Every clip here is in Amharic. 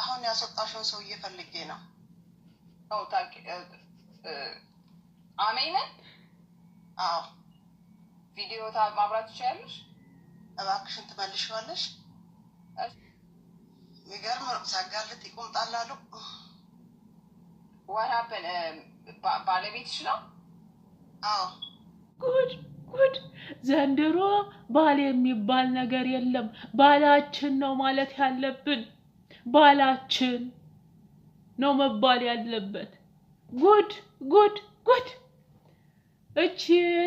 አሁን ያስወጣሽውን ሰው ፈልጌ ነው። አሜንን አዎ፣ ቪዲዮ ማብራት ትችያለሽ። እባክሽን ትመልሽዋለሽ። የሚገርም ነው። ሲያጋልጥ ይቆምጣል አሉ። ባለቤትሽ ነው? አዎ። ጉድ ጉድ! ዘንድሮ ባል የሚባል ነገር የለም። ባላችን ነው ማለት ያለብን ባላችን ነው መባል ያለበት። ጉድ ጉድ ጉድ! እቺ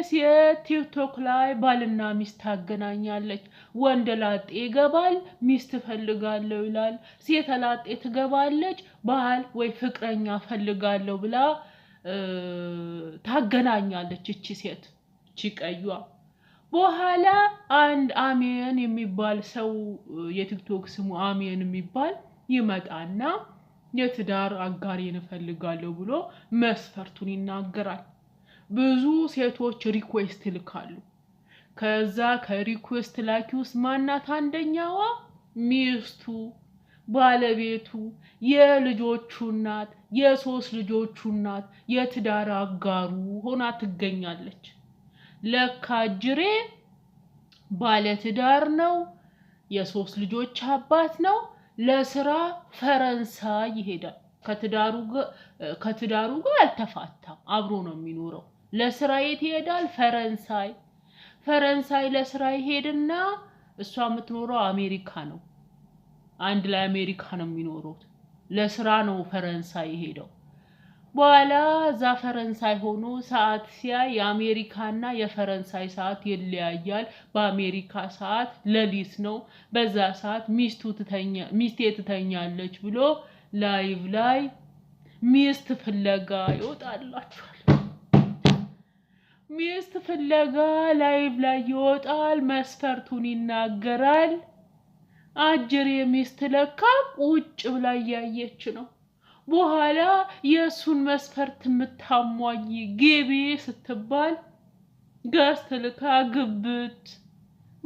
ሴት ቲክቶክ ላይ ባልና ሚስት ታገናኛለች። ወንድ ላጤ ይገባል፣ ሚስት እፈልጋለሁ ይላል። ሴት ላጤ ትገባለች፣ ባል ወይ ፍቅረኛ እፈልጋለሁ ብላ ታገናኛለች። እቺ ሴት እቺ ቀዩ በኋላ አንድ አሜን የሚባል ሰው የቲክቶክ ስሙ አሜን የሚባል ይመጣና የትዳር አጋሪ እፈልጋለሁ ብሎ መስፈርቱን ይናገራል። ብዙ ሴቶች ሪኩዌስት ይልካሉ። ከዛ ከሪኩዌስት ላኪ ውስጥ ማናት አንደኛዋ? ሚስቱ ባለቤቱ የልጆቹ እናት የሶስት ልጆቹ እናት የትዳር አጋሩ ሆና ትገኛለች። ለካ ጅሬ ባለትዳር ነው፣ የሶስት ልጆች አባት ነው ለስራ ፈረንሳይ ይሄዳል። ከትዳሩ ጋር አልተፋታም፣ አብሮ ነው የሚኖረው። ለስራ የት ይሄዳል? ፈረንሳይ። ፈረንሳይ ለስራ ይሄድና እሷ የምትኖረው አሜሪካ ነው። አንድ ላይ አሜሪካ ነው የሚኖሩት። ለስራ ነው ፈረንሳይ ይሄደው። በኋላ እዛ ፈረንሳይ ሆኖ ሰዓት ሲያይ የአሜሪካና የፈረንሳይ ሰዓት ይለያያል። በአሜሪካ ሰዓት ሌሊት ነው። በዛ ሰዓት ሚስቴ ትተኛለች ብሎ ላይቭ ላይ ሚስት ፍለጋ ይወጣላችኋል። ሚስት ፍለጋ ላይቭ ላይ ይወጣል። መስፈርቱን ይናገራል። አጅር የሚስት ለካ ቁጭ ብላ እያየች ነው። በኋላ የእሱን መስፈርት የምታሟኝ ግቢ ስትባል ገስት ልካ ግብት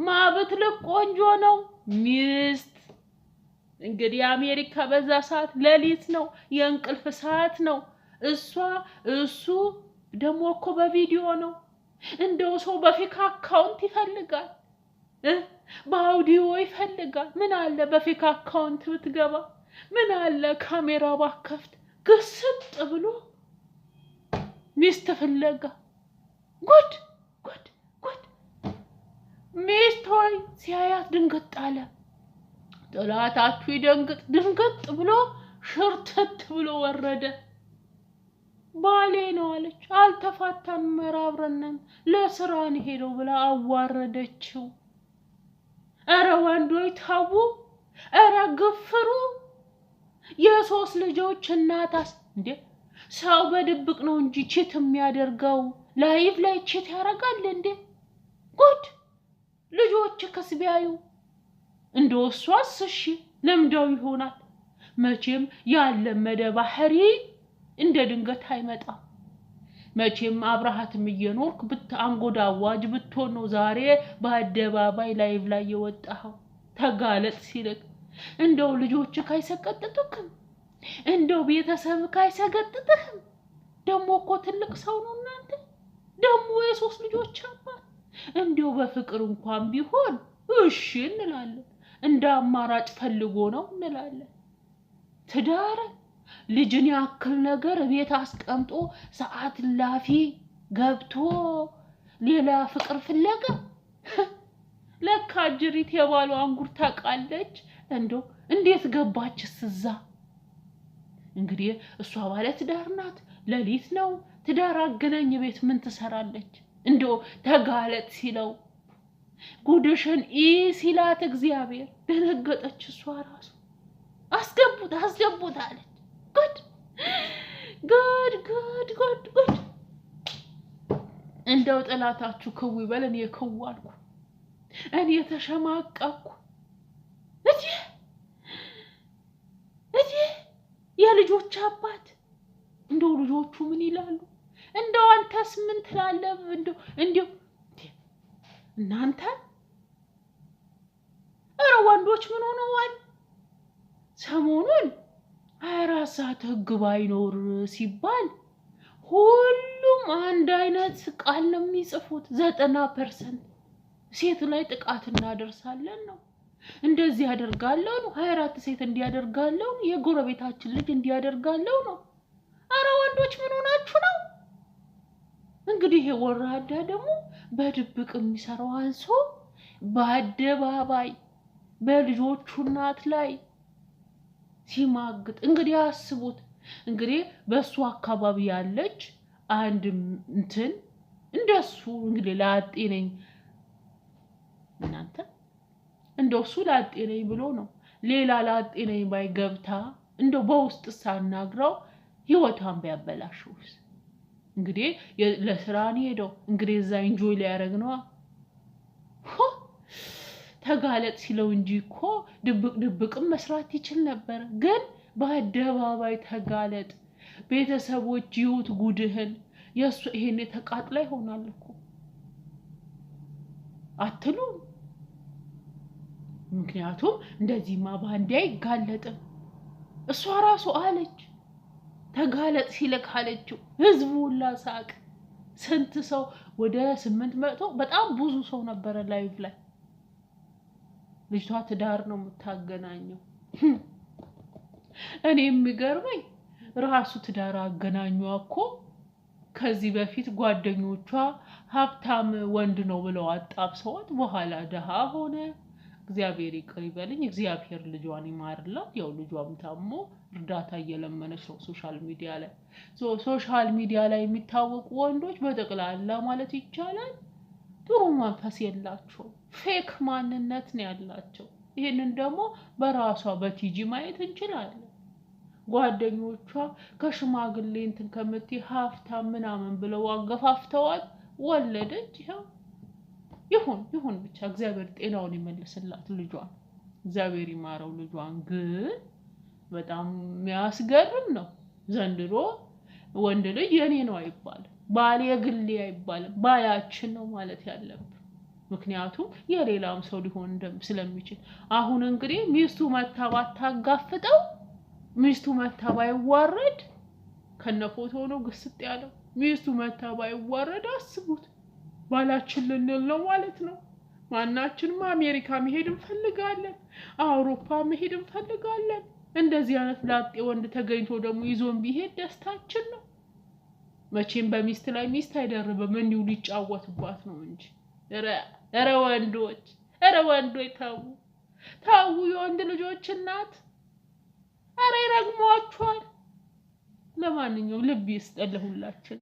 ማብትልቅ ቆንጆ ነው ሚስት እንግዲህ አሜሪካ በዛ ሰዓት ሌሊት ነው፣ የእንቅልፍ ሰዓት ነው። እሷ እሱ ደግሞ እኮ በቪዲዮ ነው። እንደው ሰው በፊክ አካውንት ይፈልጋል፣ በአውዲዮ ይፈልጋል። ምን አለ በፊክ አካውንት ብትገባ ምን አለ ካሜራ ባከፍት ግስጥ ብሎ ሚስት ፍለጋ ጉድ ጉድ ጉድ። ሚስት ሆይ ሲያያት ድንግጥ አለ። ጥላታችሁ ይደንግጥ። ድንግጥ ብሎ ሽርትት ብሎ ወረደ። ባሌ ነው አለች። አልተፋታንም፣ መራብረነን ለስራ ሄደው ብላ አዋረደችው። እረ ወንዶች ታቡ፣ እረ ግፍሩ የሶስት ልጆች እናታስ እንዴ! ሰው በድብቅ ነው እንጂ ቺት የሚያደርገው ላይቭ ላይ ቺት ያደርጋል እንዴ? ጉድ! ልጆች ከስ ቢያዩ እንደ እሷስ እሺ ለምደው ይሆናል። መቼም ያለመደ ባህሪ እንደ ድንገት አይመጣም። መቼም አብረሃትም እየኖርክ ብትአንጎዳ አዋጅ ብትሆን ነው ዛሬ በአደባባይ ላይቭ ላይ የወጣኸው ተጋለጥ ሲልክ እንደው ልጆች ካይሰቀጥጡክም እንደው ቤተሰብ ካይሰገጥጥህም ደግሞ እኮ ትልቅ ሰው ነው እናንተ ደግሞ የሶስት ልጆች አባት እንዲው በፍቅር እንኳን ቢሆን እሺ እንላለን፣ እንደ አማራጭ ፈልጎ ነው እንላለን። ትዳር ልጅን ያክል ነገር ቤት አስቀምጦ ሰዓት ላፊ ገብቶ ሌላ ፍቅር ፍለጋ ለካ ጅሪት የባሏን አንጉር ታውቃለች። እንዶ እንዴት ገባች ስዛ? እንግዲህ እሷ ባለ ትዳር ናት። ሌሊት ነው ትዳር አገናኝ ቤት ምን ትሰራለች? እንዶ ተጋለጥ ሲለው ጉድሽን ኢ ሲላት እግዚአብሔር ደነገጠች። እሷ ራሱ አስገቡት አስገቡት አለች። ጉድ ጉድ ጉድ ጉድ ጉድ! እንደው ጥላታችሁ ክዊ በለን እኔ ክው አልኩ፣ እኔ ተሸማቀቅኩ። የልጆች አባት እንደው ልጆቹ ምን ይላሉ? እንደው አንተስ ምን ትላለህ? እንደው እንደው እናንተ ኧረ ወንዶች ምን ሆነዋል? ሰሞኑን ሃያ አራት ሰዓት ህግ ባይኖር ሲባል ሁሉም አንድ አይነት ቃል ነው የሚጽፉት። ዘጠና ፐርሰንት ሴት ላይ ጥቃት እናደርሳለን ነው እንደዚህ ያደርጋለሁ ነው። ሀያ አራት ሴት እንዲያደርጋለሁ የጎረቤታችን ልጅ እንዲያደርጋለሁ ነው። አረ ወንዶች ምን ሆናችሁ ነው? እንግዲህ ይሄ ወራዳ ደግሞ በድብቅ የሚሰራው አንሶ በአደባባይ በልጆቹ እናት ላይ ሲማግጥ እንግዲህ አስቡት። እንግዲህ በእሱ አካባቢ ያለች አንድ እንትን እንደሱ እንግዲህ ላጤ ነኝ እናንተ እንደው እሱ ላጤ ነኝ ብሎ ነው ሌላ ላጤ ነኝ ባይ ገብታ እንደው በውስጥ ሳናግረው ህይወቷን ቢያበላሽውስ? እንግዲህ ለስራን ሄደው እንግዲህ እዛ ኢንጆይ ሊያደረግ ነዋ። ተጋለጥ ሲለው እንጂ እኮ ድብቅ ድብቅም መስራት ይችል ነበር። ግን በአደባባይ ተጋለጥ፣ ቤተሰቦች ይዩት ጉድህን። የእሱ ይሄን ተቃጥላ ይሆናል እኮ አትሉም? ምክንያቱም እንደዚህማ ባንዴ አይጋለጥም። እሷ ራሱ አለች ተጋለጥ ሲልክ አለችው። ህዝቡ ሁላ ሳቅ። ስንት ሰው ወደ ስምንት መቶ በጣም ብዙ ሰው ነበረ ላይቭ ላይ። ልጅቷ ትዳር ነው የምታገናኘው። እኔ የሚገርመኝ ራሱ ትዳር አገናኟ እኮ ከዚህ በፊት ጓደኞቿ ሀብታም ወንድ ነው ብለው አጣብሰዋት በኋላ ድሃ ሆነ። እግዚአብሔር ይቅር ይበልኝ፣ እግዚአብሔር ልጇን ይማርላት። ያው ልጇም ታሞ እርዳታ እየለመነች ነው ሶሻል ሚዲያ ላይ። ሶሻል ሚዲያ ላይ የሚታወቁ ወንዶች በጠቅላላ ማለት ይቻላል ጥሩ መንፈስ የላቸው ፌክ ማንነት ነው ያላቸው። ይህንን ደግሞ በራሷ በቲጂ ማየት እንችላለን። ጓደኞቿ ከሽማግሌ እንትን ከምትይ ሀብታም ምናምን ብለው አገፋፍተዋል፣ ወለደች ይኸው ይሁን ይሁን ብቻ እግዚአብሔር ጤናውን ይመልስላት ልጇን፣ እግዚአብሔር ይማረው ልጇን። ግን በጣም የሚያስገርም ነው ዘንድሮ ወንድ ልጅ የኔ ነው አይባልም፣ ባል የግሌ አይባልም፣ ባላችን ነው ማለት ያለብን ምክንያቱም የሌላም ሰው ሊሆን ስለሚችል። አሁን እንግዲህ ሚስቱ መታ ባታጋፍጠው፣ ሚስቱ መታ ባይዋረድ ከነ ፎቶ ነው ግስጥ ያለው። ሚስቱ መታ ባይዋረድ አስቡት። ባላችን ልንል ነው ማለት ነው። ማናችንም አሜሪካ መሄድ እንፈልጋለን፣ አውሮፓ መሄድ እንፈልጋለን። እንደዚህ አይነት ላጤ ወንድ ተገኝቶ ደግሞ ይዞን ቢሄድ ደስታችን ነው። መቼም በሚስት ላይ ሚስት አይደርብም፣ እንዲሁ ሊጫወትባት ነው እንጂ። ኧረ ወንዶች፣ ኧረ ወንዶች ተው ተው፣ የወንድ ልጆች እናት፣ ኧረ ይረግሟችኋል። ለማንኛውም ልብ ይስጠን ለሁላችን።